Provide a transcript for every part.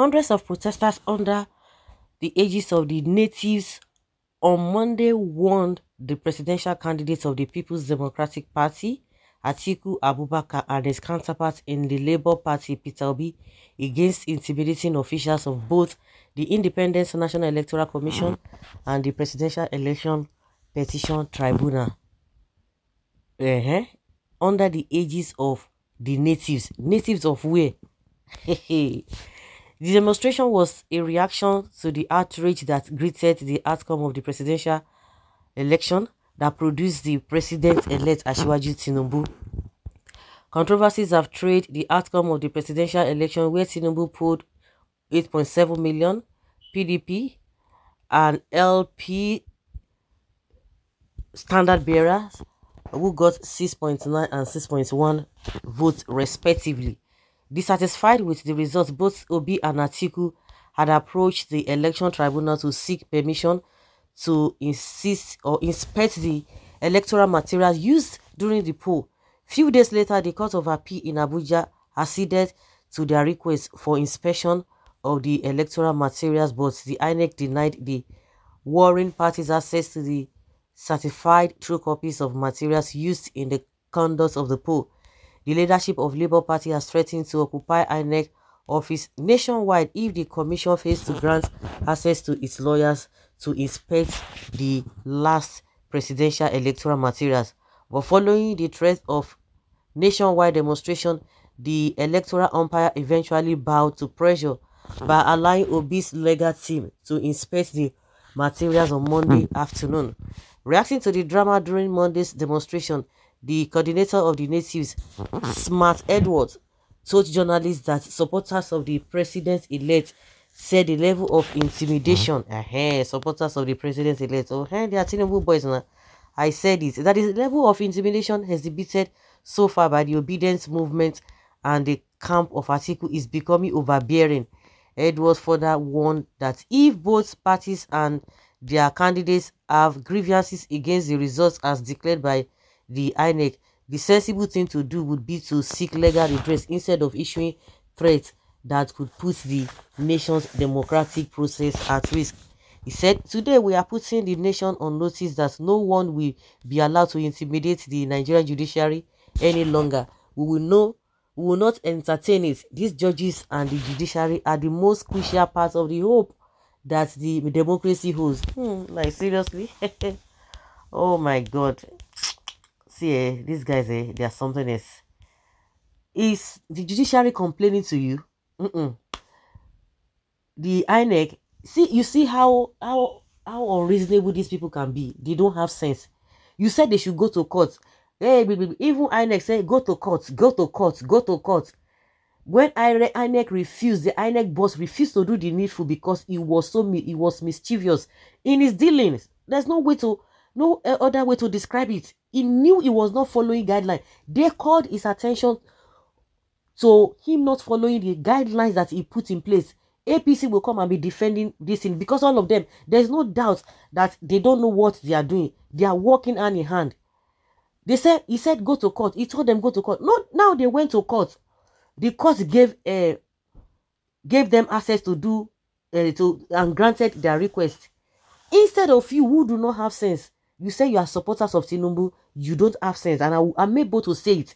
Hundreds of protesters under the aegis of the natives on Monday warned the presidential candidates of the People's Democratic Party, Atiku Abubakar, and his counterpart in the Labour Party, Peter Obi, against intimidating officials of both the Independence National Electoral Commission and the Presidential Election Petition Tribunal. Uh -huh. Under the aegis of the natives. Natives of where? The demonstration was a reaction to the outrage that greeted the outcome of the presidential election that produced the president-elect Asiwaju Tinubu. Controversies have trailed the outcome of the presidential election where Tinubu polled 8.7 million, PDP and LP standard bearers who got 6.9 and 6.1 votes respectively. Dissatisfied with the results, both Obi and Atiku had approached the Election Tribunal to seek permission to insist or inspect the electoral materials used during the poll. Few days later, the Court of Appeal in Abuja acceded to their request for inspection of the electoral materials, but the INEC denied the warring parties access to the certified true copies of materials used in the conduct of the poll. The leadership of Labour Party has threatened to occupy INEC office nationwide if the commission fails to grant access to its lawyers to inspect the last presidential electoral materials. But following the threat of nationwide demonstration, the electoral umpire eventually bowed to pressure by allowing Obi's legal team to inspect the materials on Monday afternoon. Reacting to the drama during Monday's demonstration, the coordinator of the natives, Smart Edwards, told journalists that supporters of the president-elect said the level of intimidation, hmm? uh -huh, supporters of the president-elect, oh, hey, they are Tinubu boys now. I said it, that is the level of intimidation exhibited so far by the obedience movement and the camp of Atiku is becoming overbearing. Edwards further warned that if both parties and their candidates have grievances against the results as declared by the INEC, the sensible thing to do would be to seek legal redress instead of issuing threats that could put the nation's democratic process at risk. He said, Today we are putting the nation on notice that no one will be allowed to intimidate the Nigerian judiciary any longer. We will know we will not entertain it. These judges and the judiciary are the most crucial part of the hope that the democracy holds. Hmm, like seriously? oh my god see eh, these guys eh, they are something else is the judiciary complaining to you mm -mm. the INEC see you see how how how unreasonable these people can be they don't have sense you said they should go to court hey even INEC said go to court go to court go to court when INEC refused the INEC boss refused to do the needful because he was so he was mischievous in his dealings there's no way to no eh, other way to describe it he knew he was not following guidelines. They called his attention to him not following the guidelines that he put in place. APC will come and be defending this thing because all of them, there's no doubt that they don't know what they are doing. They are working hand in hand. They said he said go to court. He told them go to court. No, now they went to court. The court gave uh, gave them access to do uh, to and granted their request. Instead of you who do not have sense, you say you are supporters of Tinubu. You don't have sense. And I, I'm able to say it.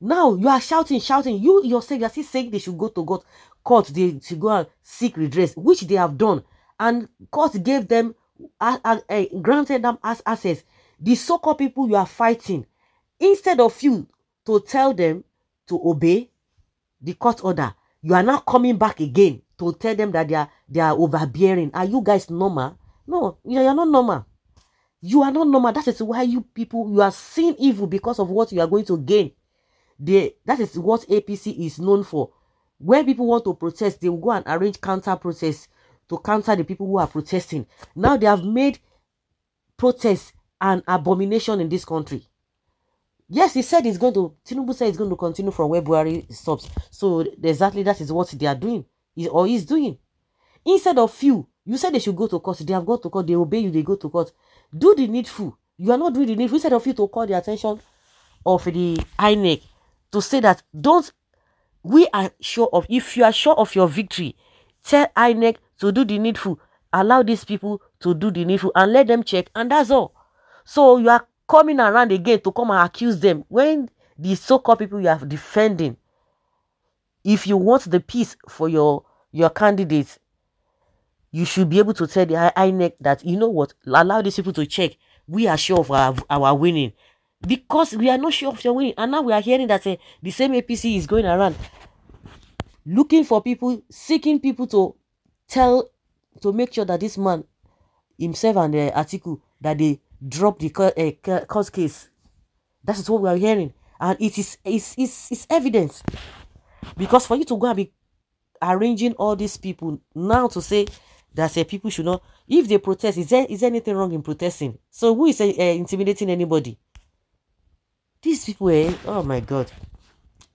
Now you are shouting, shouting. You yourself, you are still saying they should go to God, court, they should go and seek redress, which they have done. And court gave them, uh, uh, uh, granted them as access. The so-called people you are fighting, instead of you to tell them to obey the court order, you are now coming back again to tell them that they are, they are overbearing. Are you guys normal? No, you're not normal. You are not normal. That is why you people, you are seeing evil because of what you are going to gain. They, that is what APC is known for. When people want to protest, they will go and arrange counter protests to counter the people who are protesting. Now they have made protests an abomination in this country. Yes, he said he's going to, Tinubu said he's going to continue from where Buhari stops. So exactly that is what they are doing, or is doing. Instead of you you said they should go to court. They have got to court. They obey you. They go to court. Do the needful. You are not doing the needful. Instead of you to call the attention of the INEC to say that don't, we are sure of, if you are sure of your victory, tell INEC to do the needful. Allow these people to do the needful and let them check. And that's all. So you are coming around again to come and accuse them. When the so-called people you are defending, if you want the peace for your, your candidates, you should be able to tell the INEC that you know what, allow these people to check. We are sure of our, our winning because we are not sure of your winning, and now we are hearing that uh, the same APC is going around looking for people, seeking people to tell to make sure that this man himself and the article that they drop the uh, case. That is what we are hearing, and it is it's, it's, it's evidence because for you to go and be arranging all these people now to say that uh, people should not if they protest is there is there anything wrong in protesting so who is uh, intimidating anybody these people are. oh my god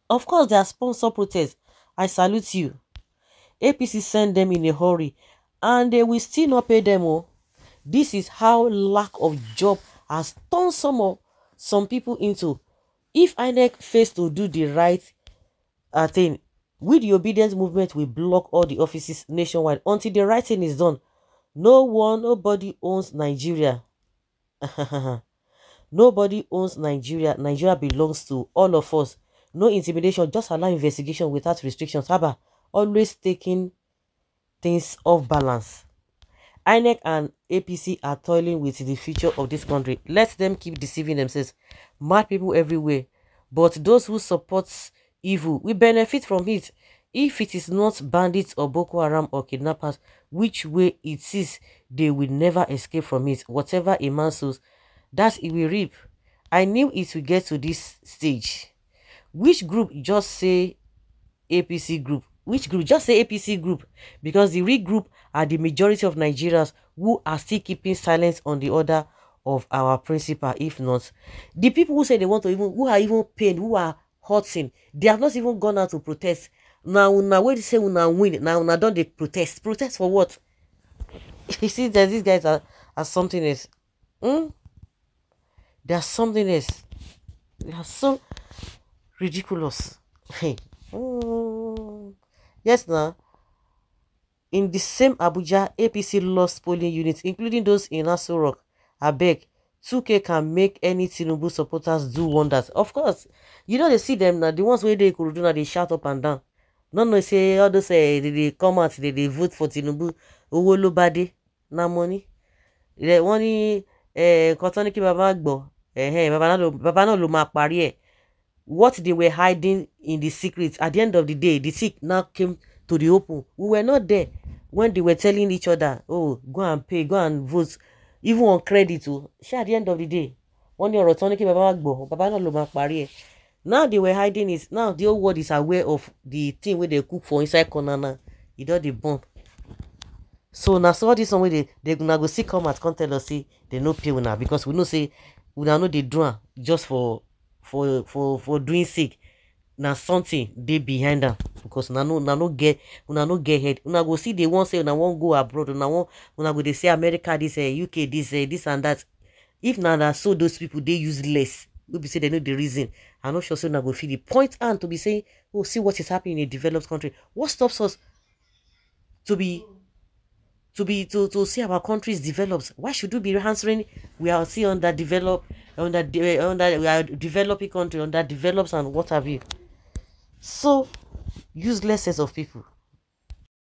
of course they are sponsor protest i salute you apc send them in a hurry and they will still not pay them oh this is how lack of job has turned some of some people into if inec fails to do the right uh, thing We, the obedience movement, will block all the offices nationwide until the writing is done. No one, nobody owns Nigeria. nobody owns Nigeria. Nigeria belongs to all of us. No intimidation, just allow investigation without restrictions. Haba, always taking things off balance. INEC and APC are toiling with the future of this country. Let them keep deceiving themselves. Mad people everywhere. But those who support evil. We benefit from it if it is not bandits or Boko Haram or kidnappers, which way it is, they will never escape from it. Whatever a man sows, that it will reap. I knew it would get to this stage. Which group just say APC group? Which group? Just say APC group. Because the real group are the majority of Nigerians who are still keeping silence on the order of our principal, if not. The people who say they want to even, who are even paid who are hurting they have not even gone out to protest now, una wey say una win na una don dey protest protest for what you see that these guys are, are something else hmm? they are something else they are so ridiculous mm. yes na in the same abuja apc lost polling units including those in aso rock abeg 2k can make any tinubu supporters do wonders of course you know they see them. Now the ones where they could do na they shout up and down no know say others say. uh, eh, they dey come out they dey vote for tinubu owó ló bá dé na money wọ́n ní eh, nǹkan tán ní kí baba gbọ́ baba náà ló máa parí ẹ̀ what they were hiding in the secret at the end of the day the sick now came to the open we were not there when they were telling each other oh go and pay go and vote even on credit o ṣé at the end of the day wọ́n ní ọ̀rọ̀ tán ní kí bàbá wa gbọ́ bàbá náà ló máa parí ẹ̀ now they were hiding it now the whole world is aware of the thing wey dey cook for inside corner now e don dey burn so na so all dis one wey dey una go still come out come tell us say dem no pay una because we know say una no dey do am just for for for for doing sake na something dey behind am. because una no una no get una no get head una go see won't say una not go abroad una wan una go they say america this uh, eh, uk this uh, eh, this and that if na na so those people they useless We be say they know the reason i no sure say una go feel the point and to be saying oh see what is happening in a developed country what stops us to be to be to to see our countries developed why should we be answering we are still underdeveloped under on that eh, we are developing country that develops and what have you so useless of people